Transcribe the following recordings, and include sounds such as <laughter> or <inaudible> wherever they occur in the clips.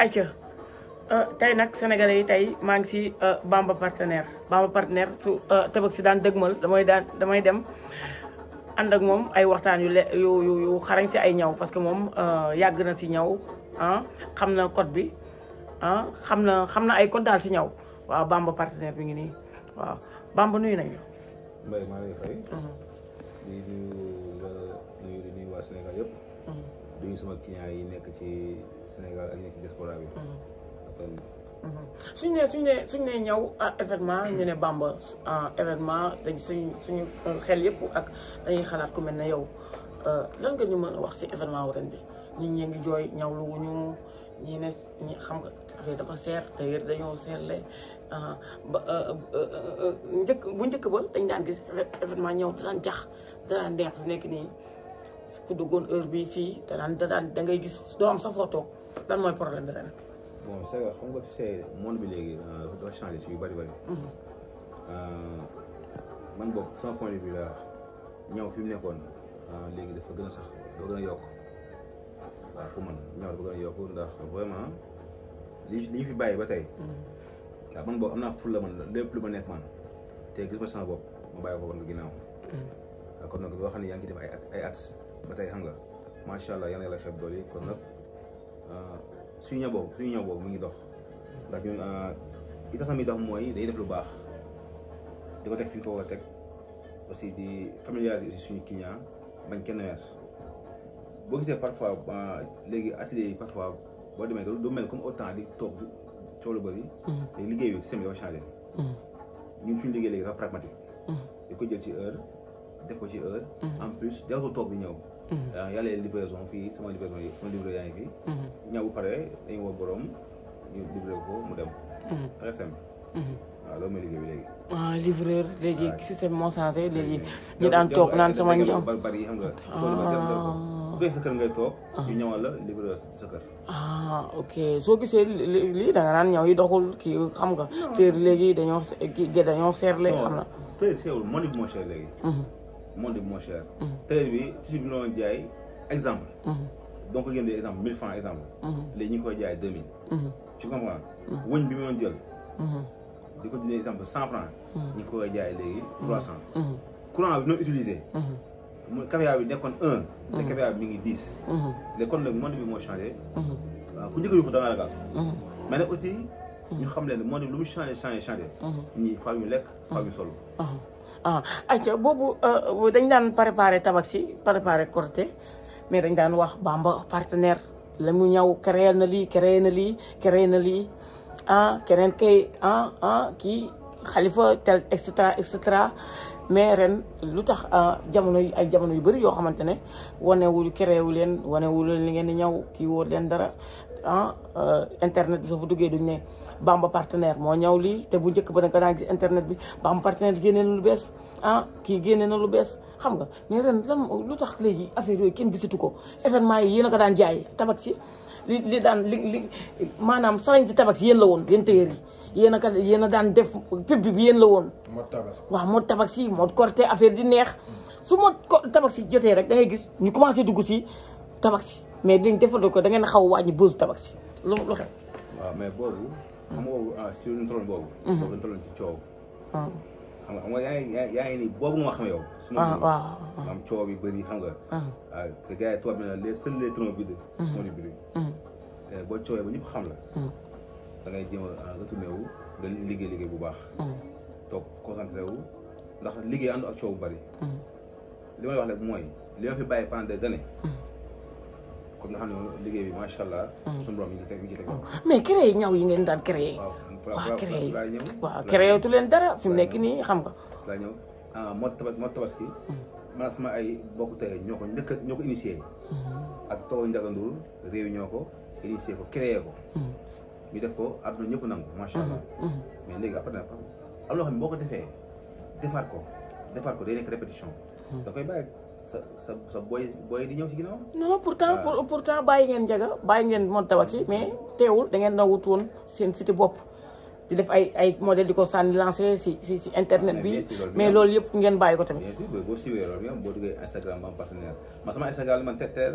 ayca euh, tey nag sénégalais yi tey maa ngi euh, Bamba partenaire Bamba partenaire su euh, tëbëg si daan dëgmal damay daan damay dem ànd ak moom ay waxtaan yu le yu yu xarañ si ay ñaw parce que moom yàgg na si ñaw ah xam na code bi ah xam na xam na ay code daal si ñaw waaw Bamba partenaire bi ngi nii waaw Bamba nuyu nañu. Mbaye maa ngi fay. Mhm. di nuyu di nuyu waa Sénégal yëpp. Mhm. du ñu sama client nekk ci Sénégal ak nekk ci diaspora bi. Mhm. Mhm. suñu nee suñu nee suñu nee ñëw événement ñu ne Bamba événement te suñu suñu xel yëpp ak dañuy xalaat ku mel na yow euh, lan nga ñu mën wax si événement wu bi nit ñi ngi jooy ñaw lu ñu ñi ne xam nga affaire dafa seer te dañoo seerle euh, ba euh, bu njëkk ba dañ daan gis événement ñëw daan jax daan neex nekk nii. ku duggoon heure bii fii danaan danaan da gis doo am sa foo toog mooy problème ren. bon c'est vrai xam nga tu monde bi léegi dafa euh, yu bëri bëri. Mhm. Euh, man boog sama fi mu nekkoon euh, léegi dafa gën a sax dafa gën a yokk waaw pour man ñaw dafa gën a yokk ndax vraiment li ñu fi bàyyi ba tey. Mhm. waaw man boog am naa ful la man lépp lu ma nekk man te gis ma sama bopp ma bàyyi ko woon nga ginnaaw. Mhm. kon nag loo xam ne yaa ngi def ay at. ba tey xam nga macha allah yal na yàlla xeeb dool yi kon nag ah, suñu ñaw boobu mu ngi dox ndax ñun ah, li tax mi dox mooy day def lu baax di ko teg fi ñu ko teg aussi di familiariser aussi suñu client bañ kenn weer boo gisee parfois ah, léegi atelier yi parfois boo demee du mel comme autant di toog coow lu bëri. Mm-hmm. léegi liggéey bi système bi dafa changé. Mm-hmm. ñun suñu liggéey léegi dafa pragmatique. Mm-hmm. di ko jël ci heure def ko ci heure. en plus jaaxul toog bi ñëw. Mm-hmm. Euh, yaa leen livraison fii sama livraison yi sama livraison yaa ngi fii mm-hmm. ñaw bu pare dañu woo borom ñu livré mu dem mm-hmm. très waaw loolu mooy liggéey bi léegi ah livreur léegi système moo changé léegi ñu daan toog naan sama njaam bari xam nga ah. toog ah. la livreur sa kër ah ok soo gisee lii da nga naan ñëw yi doxul kii xam nga téer léegi dañoo kii dañoo xam na téer seerul moo nit moo seer léegi monde moins cher. tey bi si vous noonu jaay exemple. Mhm. donc ngeen di exemple 1000 francs exemple. Mhm. les ñu ngi 2000. Mhm. tu comprends. wëñ bi ma jël. di ko exemple 100 francs. ñu ngi jaay léegi 300. courant bi ñu utilisé. le caméra est 1. le caméra est mi ngi 10. Le kon nag monde bi moo cher. waaw ku njëkk a yokk la ngaa mais aussi. ñu xam leen moo dem lu mu changé changé changé. Mhm. ñii faaw ñu lekk faaw ñu solo. Mhm. Mhm. ah ayca boobu euh, dañ daan préparé tabaski préparé corté mais dañ daan wax Bamba partenaire la mu ñaw créé na lii créé na lii créé na lii ah keneen kay ah ah kii xalifa tel et cetera et cetera mais ren lu tax ah, jamono ay jamono yu bëri yoo xamante ne wanewul créewu leen wanewul leen li ngeen di ñaw kii woo leen dara ah euh, internet bi soo fa duggee duñ ne Bamba partenaire moo ñaw lii te bu njëkk ba nag daan internet bi Bamba partenaire génne lu bees ah kii génne na lu bees xam nga mais ren lu tax léegi affaire yooyu kenn gisatu ko événement yi yéen a ko daan jaay tabax si li li maanaam salañ si tabax si yéen la woon yéen téyeer yi yéen a kat a daan def pub bi yéen la woon. mot tabaski waaw mot tabaski mot korte affaire di neex. su mot tabaski jotee rek da ngay gis ñu commencé dugg si tabaski mais dañ defal ko da ngeen xaw a wàññi boosu tabaski lu lu mais boobu. xam nga boobu ah suñu tolloon boobu. Mhm. boobu ñu tolloon ah. nga xam yaa ngi yaa ngi nii boobu nga xam yow. Ah, waaw waaw am coow bi bëri xam nga. ah, ah bi naan les seuls les troncs vides mhm. mhm. eh, boo coowee ba ñëpp xam la. da ngay jéem liggéey liggéey bu baax. Mm. toog concentré ndax liggéey ànd ak coow bari. Mm. li may wax mooy li ma kon mm. nga xam ne liggéey bi macha allah. suñu mi ngi mi ngi teg mais créé ñaw yi ngeen daan créé. nekk nii xam nga. laa ñëw ah, ak Togo réew ñoo ko initié ko créé ko. ñu def ko àdduna ñëpp nangu macha allah. mais léegi après nag am loo ko defee defaat ko defaat ko day nekk répétition. da koy bàyyi sa sa sa booy booy di ñëw ci ginnaaw. non non pourtant bàyyi ngeen jaga bàyyi mais teewul da ngeen na woon seen site bopp. di def ay ay modèle di ko sànni lancé si si si internet ah, bi mais loolu yëpp ngeen bàyyi ko tamit. bien sûr boo suivee loolu Instagram ba partenaire man sama Instagram man teel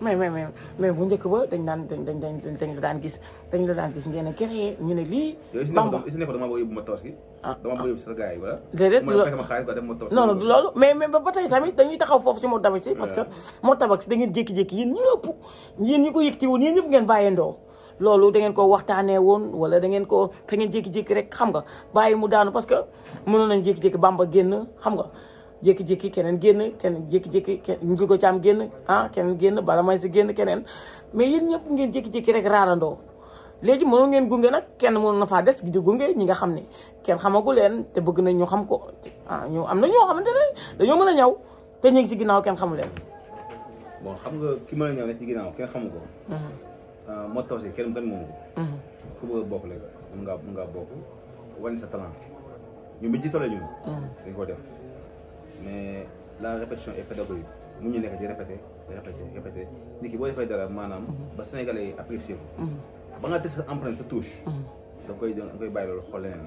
mais mais mais mais bu njëkk ba dañ daan dañ dañ dañ dañ la daan gis dañ la daan gis ngeen a créé ñu ne lii. bamba is ne ko dama bëgg yóbbu ma toos gi. ah dama bëgg yóbbu sa gars yi wala. déedéet du loolu ma xaalis dem ma toos. non non du loolu mais mais ba tey tamit dañuy taxaw foofu si moo tabax si. parce que moo tabax si da ngeen jékki-jékki yéen ñëpp yéen ñi ko yëkkati woon yéen ñëpp ngeen bàyyandoo. loolu da ngeen ko waxtaanee woon wala da ngeen ko da ngeen jékki-jékki rek xam nga bàyyi mu daanu parce que mënoon nañ jékki-jékki bamba génn xam nga jékki-jékki keneen génn keneen jékki-jékki ngi ko génn ah keneen génn bala may si génn keneen mais yéen ñëpp ngeen jékki-jékki rek raarandoo léegi mënoon ngeen gunge nag kenn mënoon na faa des di gunge ñi nga xam ne kenn xamagu leen te bëgg nañ ñu xam ko ah ñu am na ñoo xamante ne dañoo mën a ñaw te ñu ngi si ginnaaw kenn xamu leen. bon xam nga ki mën a ñaw ne ci ginnaaw kenn xamu ko. Mhm. Ah, moo tax si kenn kenn moomu ko. Mhm. ku bëgg a bokk léegi mun ngaa mun ngaa bokk sa talent ñu bi jiitale ñu. dañ ko def. mais la répétition est pédagogique mu ñu nekk ci répété répété répété nit ki boo defee dara maanaam mhm. ba sénégalais yi mhm. ba nga def sa empreinte sa touche mhm. da koy da koy bàyyi loolu xool leneen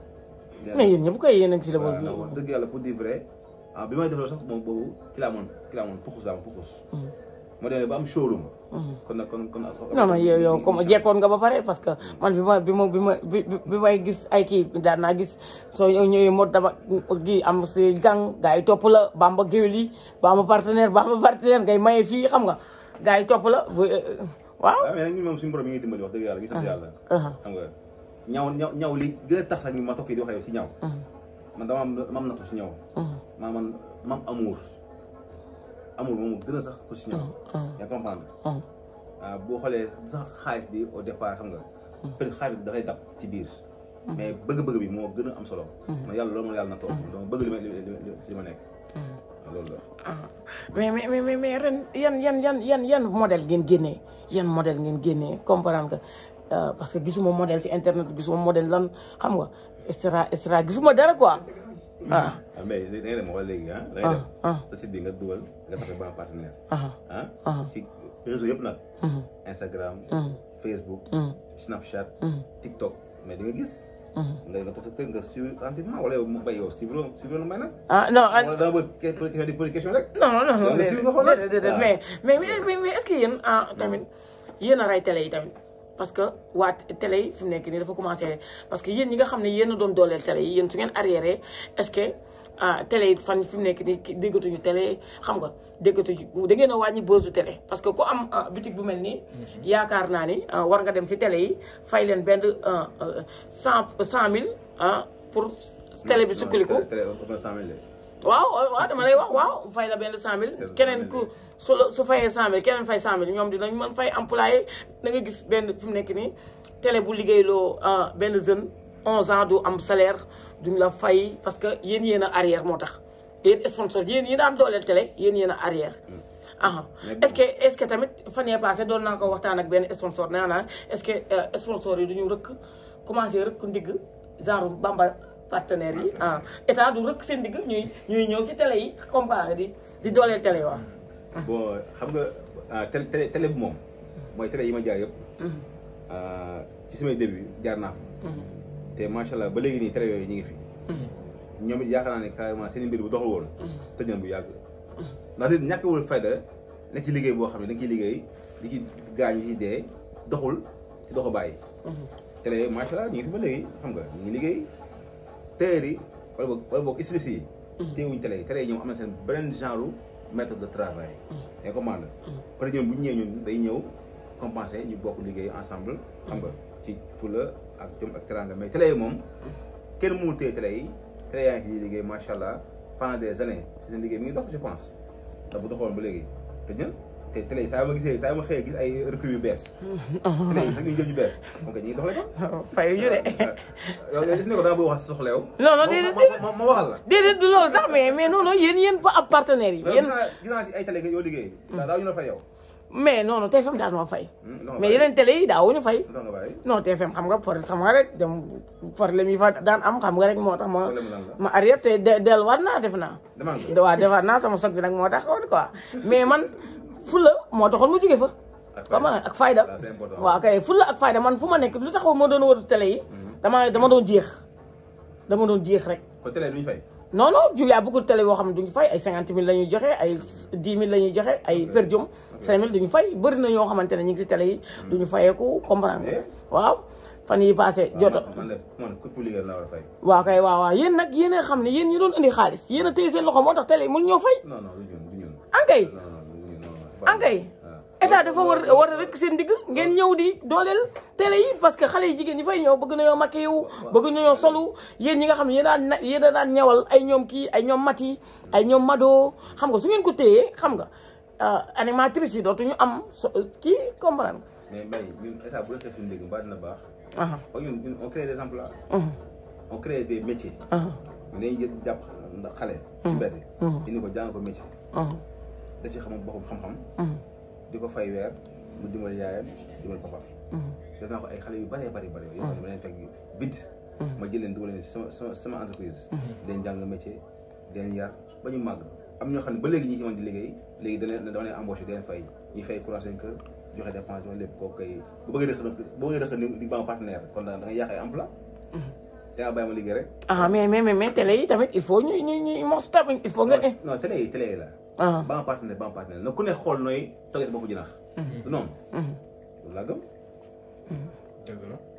mais yéen ñëpp koy yéen a ngi ci la boobu. yàlla pour dire vrai ah bi may defloo sax moom boobu ki la amoon ki la amoon puxus la am puxus. ma mm. ba am showroom. Mm. kon nag kon kon. non non yow yow comme nga ba pare parce que mm. man bi ma bi ma bi bi may gis ay kii daan naa gis soo ñëwee mot dama gi am si gang gars yi topp la bamba géwél yi bamba partenaire bamba partenaire ngay maye fii xam nga gars yi topp la euh, waaw. waaw ah, mais nag ñun moom suñu yàlla ñu sant ah. yàlla. Ah. ñaw ñaw ñaw li gën a tax ak ñu ma toog fii di wax yow si ñaw mm-hmm. man dama am mam natu si ñaw mm-hmm. maa man mam amour amour moom gën a sax ko si ñaw mm-hmm. yaa ah, boo xoolee sax xaalis bi au départ xam nga peut être bi dafay dab ci biir mais bëgg-bëgg bi moo gën a am solo ma yàlla loolu ma yàlla na toog donc bëgg li ma li ma nekk ah, loolu la ah. mais mais mais mais ren yan yan yan yan yan modèle ngeen génnee yan modèle ngeen génnee comprendre nga Eh, parce que gisuma model ci internet gisuma model lan xam nga extra extra gisuma dara quoi. ah, ah. ah mais da ngay dem wala léegi ah. da ngay dem ah, sa site bi nga dugal nga tax ba partenaire. ah ci réseau yëpp nag. Mm-hmm. Instagram. Mm-hmm. Facebook. Mm-hmm. Snapchat. TikTok mais da nga gis. nga nga toog sa kër nga suivre entièrement wala yow mu bay yow suivre suivre lu may nag. ah non ah wala da nga question di pose question rek. non non non non mais mais mais est-ce que yéen ah tamit yéen a ray télé yi tamit. parce que waa télé yi fi nekk nii dafa commencé parce que yen ñi nga xam ne yéen doon dooleel télé yi yéen su ngeen arriéré est-ce que ah télé yi fan fi nekk nii déggatuñu télé xam nga déggatuñu da ngeen a wàññi boosu télé. parce que ku am boutique bu mel nii. yaakaar naa ni war nga dem si télé yi fay leen benn cent cent mille ah pour. télé bi sukkandiku télé waaw waaw dama lay wax waaw fay la benn cent keneen ku su su fayee cent mille keneen fay cent mille ñoom dinañ mën fay employé da nga gis benn fu mu nekk nii télé bu loo ah, benn jeune onze ans du am salaire duñ la fay parce que yen yéen a arrière moo tax yéen sponsor yéen ñi daan dooleel télé yéen yéen a arrière hmm. ah est-ce que ce que tamit fan yee passé doon naa ko waxtaan benn sponsor nee naa est-ce que euh, sponsor yi duñu rëkk commencé rëkk ndigg genre bamba partenaires yi ah état du rëkk seen digg ñuy ñuy ñëw si télé yi comparé di dooleel télé waaw. Hmm. bon xam nga ah, télé télé télé bi moom mooy télé yi ma jaar yëpp. Hmm. Ah, ci samay début jaar naa fa. Hmm. te macha allah ba léegi nii télé yooyu ñu ngi fi. ñoom it yaakaar naa ne carrément seen mbir bu doxul woon. tëj na bu yàgg. ndax nit ñàkkewul fayda nekk ci liggéey boo xam ne da nga liggéey di ci gaañ di ci dee doxul doxu bàyyi. télé macha allah ñu ngi fi ba léegi xam nga ñu ngi liggéey. télé yi wala boog wala boog services yi. Mm-hmm. téewuñu télé yi télé yi ñoom am na seen beneen genre méthode de travail. Mm-hmm. et commande. Mm-hmm. peut être ñoom bu ñu ñëwee ñun day ñëw compenser ñu bokk liggéey ensemble. xam nga ci fula ak jom ak teranga mais télé yi moom kenn mu téye télé yi télé yaa ngi ciy liggéey macha allah pendant des années seen liggéey mi ngi dox je pense ndax bu doxoon ba léegi te ñun. te yi saa ma gisee saa ma xëyee gis ay yu bees. <laughs> télé yi sax ñu jël ñu bees moom kay <laughs> oh, ñu <laughs> ngi ma ma waxal la. déedéet du mais mais non non yéen yéen ba yi. yéen gis naa ci ay télé yoo liggéey. Mm. daaw ñu la fay yow. mais non non TFM daan ma fay. Mm, mais yeneen télé yi daawuñu fay. non TFM xam nga problème xam nga rek dem problème yi fa daan am xam nga rek moo tax ma. ma arrière te delluwaat naa def naa. waaw defaat naa sama soog nag moo tax woon quoi mais man fulla moo taxoon mu jóge fa xam nga ak fayda waaw kay fulla ak fayda man fu ma nekk lu taxaw ma doon wër télé yi mhm. dama dama doon jeex dama doon jeex rek ko télé duñu fay non non jul yaa bëggul tele yoo xam ne duñu fay ay cinquante mille la joxe ay la ñuy joxe ay per fay bëri na ñoo xamante ne ñu ngi si télé yi mhm. duñu fayeeku comprendre waaw fan yi passé jot waaw kay waaw waaw yéen nag yéen a xam ne yéen ñu doon indi xaalis yéen a téye seen loxo moo tax tele yi mënu ñoo fay ankay ah, ankay ah, ah. état dafa war war a rek seen digg ngeen ah. ñëw di dooleel télé yi parce que xale yi jigéen ñi fay ñëw bëgg nañoo maquillé wu bëgg nañoo solu yéen ñi nga xam ne yéen daan yéen a daan ñawal ay ñoom kii ay ñoom mati ay ñoom madoo xam nga su ngeen ko téyee xam nga animatrice yi dootuñu am kii comprendre nga mais mbay ñun état bu baax. parce que ñun on crée des emplois. on crée des métiers. ko jàng da ci xamul boppam xam-xam. Mhm. di ko fay weer mu dimbali yaayam dimbali papaam. Mhm. def naa ko ay xale yu bëree bëri bëri yoo xam ne mhm. ma leen fekk vite. ma jël leen dugal leen sama sama sama entreprise. dañ jàng métier dañ yar ba ñu màgg am ñoo xam ne ba léegi ñi ci mën di liggéey léegi dana dama leen embauché dañ fay ñu fay courant seen kër joxe dépense joxe lépp kooku kay bu bëggee def bu bëggee def di ba partenaire kon da nga yàq ay emploi te nga bàyyi ma liggéey rek. ah mais mais mais télé yi tamit il faut ñu ñu ñu mos tamit il faut nga. non télé yi télé yi la. Ah. ba am partenaire ba am partenaire na ku ne xool nooy toggee sa bopp jinax. Mm-hmm. du noonu. Mm-hmm. loolu laa gëm. Mm-hmm. dëgg la.